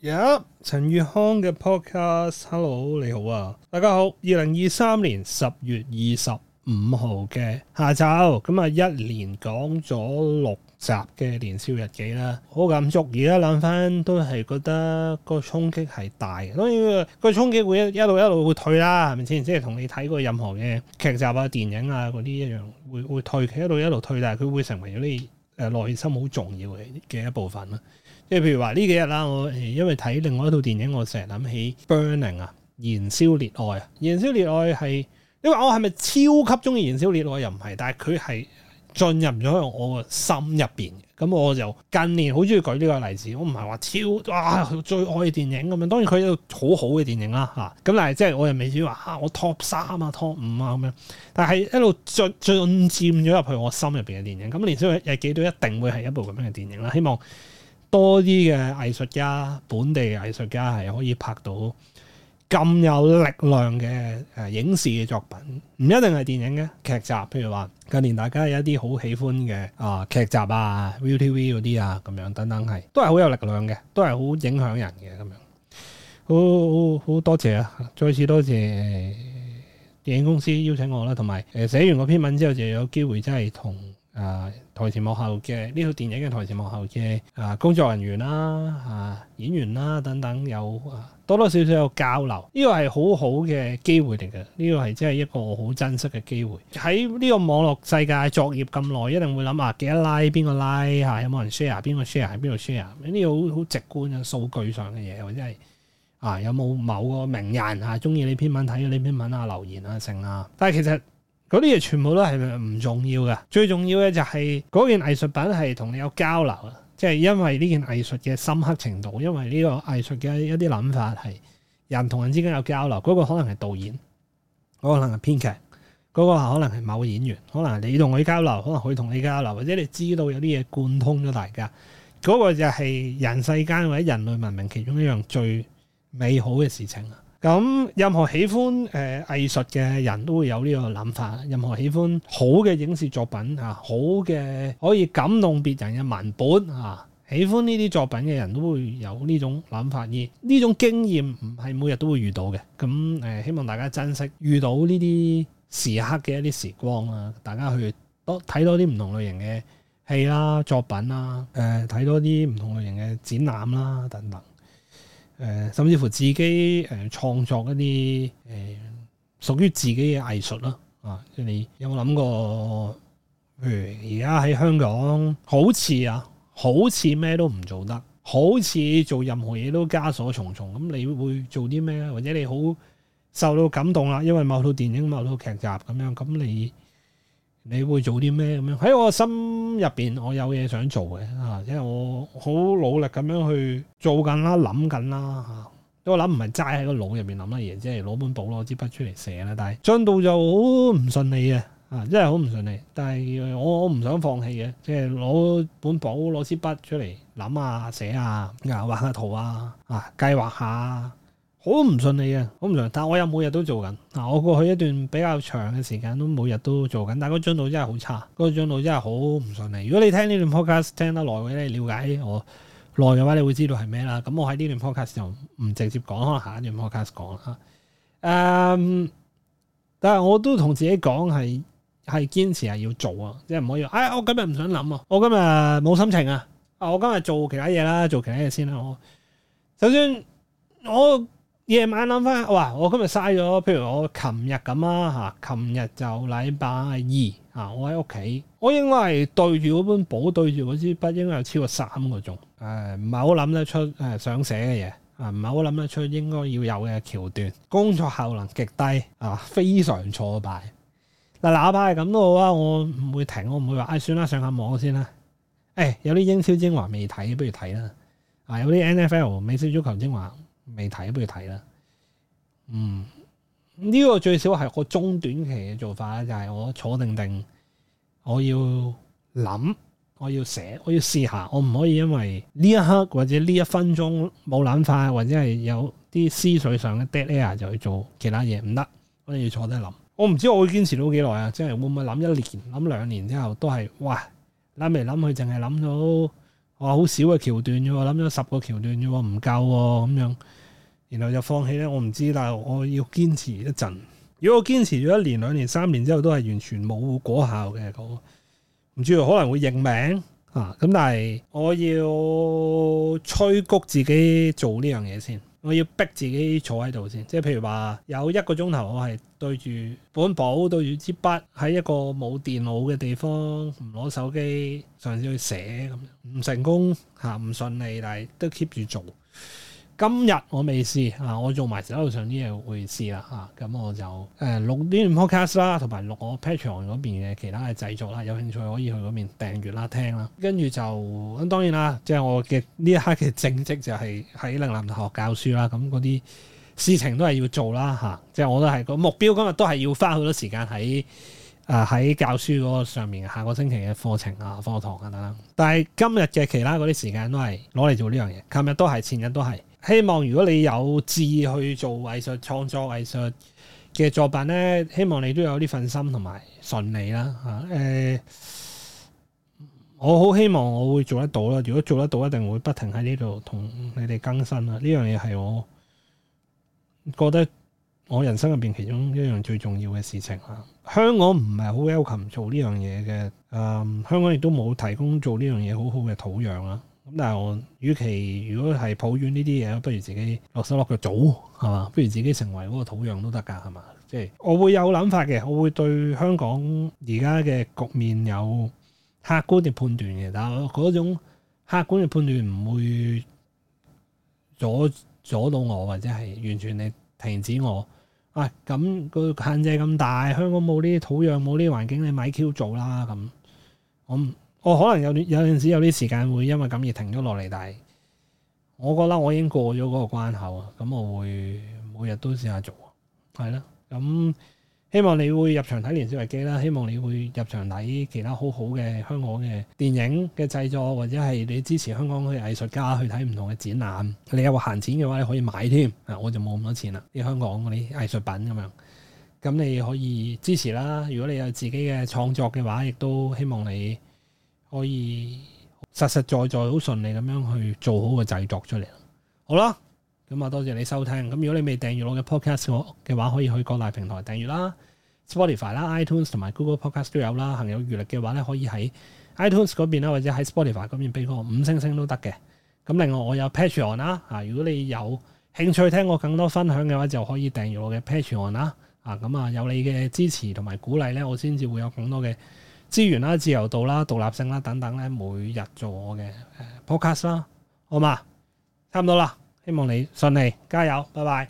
有陳月康嘅 podcast，Hello，你好啊，大家好，二零二三年十月二十五號嘅下晝，咁啊，一連講咗六集嘅《年少日記》啦，好感觸，而家諗翻都係覺得個衝擊係大，當然個衝擊會一一路一路會退啦，係咪先？即係同你睇過任何嘅劇集啊、電影啊嗰啲一樣，會會退，一路一路退，但係佢會成為咗你誒內心好重要嘅嘅一部分啦。即係譬如話呢幾日啦，我因為睇另外一套電影，我成日諗起《Burning》啊，《燃燒烈愛》啊，《燃燒烈愛》係，因為我係咪超級中意《燃燒烈愛》又唔係，但係佢係進入咗去我心入邊嘅，咁我就近年好中意舉呢個例子，我唔係話超哇最愛嘅電影咁樣，當然佢係一個好好嘅電影啦吓，咁、啊、但係即係我又未至於話吓我 top 三啊、top 五啊咁樣，但係一路進進佔咗入去我心入邊嘅電影，咁年初又幾多一定會係一部咁樣嘅電影啦，希望。多啲嘅藝術家，本地嘅藝術家係可以拍到咁有力量嘅、誒影視嘅作品，唔一定係電影嘅劇集。譬如話近年大家有一啲好喜歡嘅啊劇集啊，ViuTV 嗰啲啊，咁樣等等係都係好有力量嘅，都係好影響人嘅咁樣。好好好，多謝啊！再次多謝電影公司邀請我啦，同埋誒寫完個篇文之後就有機會真係同。啊，台前幕後嘅呢套電影嘅台前幕後嘅啊工作人員啦啊演員啦等等有多多少少有交流，呢個係好好嘅機會嚟嘅，呢個係真係一個好珍惜嘅機會。喺呢個網絡世界作業咁耐，一定會諗啊，幾多拉邊個拉啊，有冇人 share 邊個 share 喺邊度 share 呢啲好好直觀嘅數據上嘅嘢，或者係啊有冇某個名人啊中意你篇文睇咗你篇文啊留言啊剩啊，但係其實。嗰啲嘢全部都係唔重要㗎。最重要嘅就係嗰件藝術品係同你有交流啊！即係因為呢件藝術嘅深刻程度，因為呢個藝術嘅一啲諗法係人同人之間有交流。嗰個可能係導演，嗰個可能係編劇，嗰個可能係某演員，可能你同佢交流，可能佢同你交流，或者你知道有啲嘢貫通咗大家。嗰個就係人世間或者人類文明其中一樣最美好嘅事情啊！咁任何喜歡誒藝術嘅人都會有呢個諗法，任何喜歡好嘅影視作品啊，好嘅可以感動別人嘅文本啊，喜歡呢啲作品嘅人都會有呢種諗法。而呢種經驗唔係每日都會遇到嘅，咁誒希望大家珍惜遇到呢啲時刻嘅一啲時光啊，大家去多睇多啲唔同類型嘅戲啦、作品啦，誒睇多啲唔同類型嘅展覽啦等等。呃、甚至乎自己誒、呃、創作一啲誒屬於自己嘅藝術啦，啊，即你有冇諗過？譬如而家喺香港，好似啊，好似咩都唔做得，好似做任何嘢都枷鎖重重。咁你會做啲咩？或者你好受到感動啦，因為某套電影、某套劇集咁樣，咁你。你會做啲咩咁樣，喺我心入邊，我有嘢想做嘅啊，即係我好努力咁樣去做緊啦，諗緊啦啊！我諗唔係齋喺個腦入邊諗乜嘢，即係攞本簿，攞支筆出嚟寫啦。但係進度就好唔順利嘅，啊，真係好唔順利。但係我我唔想放棄嘅，即係攞本簿，攞支筆出嚟諗下、寫下、啊，畫下圖啊，啊，計劃下。我唔順利你嘅，好唔順利，但我又每日都做緊。嗱，我過去一段比較長嘅時間都每日都做緊，但係個進度真係好差，個進度真係好唔順利。如果你聽呢段 podcast 聽得耐嘅咧，你了解我耐嘅話，你會知道係咩啦。咁我喺呢段 podcast 就唔直接講，可能下一段 podcast 講啦。誒、um,，但係我都同自己講係係堅持係要做啊，即係唔可以話。哎，我今日唔想諗啊，我今日冇心情啊，啊，我今日做其他嘢啦，做其他嘢先啦、啊。我首先我。夜晚諗翻，哇！我今日嘥咗，譬如我琴日咁啊，嚇、啊，琴日就禮拜二啊，我喺屋企，我應該係對住嗰本簿，對住嗰支筆，應該有超過三個鐘，唔係好諗得出想寫嘅嘢，啊，唔係好諗得出應該要有嘅橋段，工作效能極低，啊，非常挫敗。嗱、啊，哪怕係咁都好啊，我唔會停，我唔會話，唉、哎，算啦，上下網先啦。誒、哎，有啲英超精華未睇，不如睇啦。啊，有啲 NFL 美式足球精華。未睇，不如睇啦。嗯，呢個最少係個中短期嘅做法咧，就係我坐定定，我要諗，我要寫，我要試下，我唔可以因為呢一刻或者呢一分鐘冇諗法，或者係有啲思緒上嘅 dead air 就去做其他嘢，唔得。我哋要坐低諗。我唔知我會堅持到幾耐啊？即係會唔會諗一年、諗兩年之後都係，哇，諗嚟諗去，淨係諗到我好少嘅橋段啫，諗咗十個橋段啫，唔夠咁樣。然後就放棄咧，我唔知，但係我要堅持一陣。如果我堅持咗一年、兩年、三年之後，都係完全冇果效嘅，唔知可能會認命咁、啊、但係我要催谷自己做呢樣嘢先，我要逼自己坐喺度先。即係譬如話有一個鐘頭，我係對住本簿，對住支筆，喺一個冇電腦嘅地方，唔攞手機，上次去寫咁唔成功吓、啊、唔順利，但係都 keep 住做。今日我未試啊！我做埋社交上啲嘢會試啦嚇，咁我就誒錄啲 podcast 啦，同埋錄我 Patreon 嗰邊嘅其他嘅製作啦。有興趣可以去嗰邊訂閱啦、聽啦。跟住就當然啦，即係我嘅呢一刻嘅正職就係喺嶺南大學教書啦。咁嗰啲事情都係要做啦嚇，即係我都係個目標，今日都係要花好多時間喺喺教書嗰個上面。下個星期嘅課程啊、課堂啊等等。但係今日嘅其他嗰啲時間都係攞嚟做呢樣嘢，琴日都係，前日都係。希望如果你有志去做藝術創作、藝術嘅作品咧，希望你都有啲份心同埋順利啦吓。誒、欸，我好希望我會做得到啦。如果做得到，一定會不停喺呢度同你哋更新啦。呢樣嘢係我覺得我人生入邊其中一樣最重要嘅事情吓。香港唔係好 welcome 做呢樣嘢嘅，誒、嗯，香港亦都冇提供做呢樣嘢好好嘅土壤啦。咁但係我與其如果係抱怨呢啲嘢，不如自己落手落腳做，係嘛？不如自己成為嗰個土壤都得㗎，係嘛？即係我會有諗法嘅，我會對香港而家嘅局面有客觀嘅判斷嘅，但係嗰種客觀嘅判斷唔會阻阻到我，或者係完全你停止我。啊，咁個限制咁大，香港冇呢啲土壤，冇呢啲環境，你買 Q 做啦咁，我唔。我可能有有陣時有啲時間會因為咁而停咗落嚟，但係我覺得我已經過咗嗰個關口啊！咁我會每日都試下做，係啦。咁希望你會入場睇《年少日記》啦，希望你會入場睇其他好好嘅香港嘅電影嘅製作，或者係你支持香港嘅藝術家去睇唔同嘅展覽。你有個閒錢嘅話，你可以買添。啊，我就冇咁多錢啦，啲香港嗰啲藝術品咁樣。咁你可以支持啦。如果你有自己嘅創作嘅話，亦都希望你。可以實實在在好順利咁樣去做好個製作出嚟好啦，咁啊，多謝你收聽。咁如果你未訂閱我嘅 podcast 嘅話，可以去各大平台訂閱啦，Spotify 啦、iTunes 同埋 Google Podcast 都有啦。行有餘力嘅話咧，可以喺 iTunes 嗰邊啦，或者喺 Spotify 嗰邊俾個五星星都得嘅。咁另外我有 Patreon 啦，如果你有興趣聽我更多分享嘅話，就可以訂閱我嘅 Patreon 啦。啊咁啊，有你嘅支持同埋鼓勵咧，我先至會有更多嘅資源啦、自由度啦、獨立性啦等等咧，每日做我嘅誒 podcast 啦，好嘛？差唔多啦，希望你順利，加油，拜拜。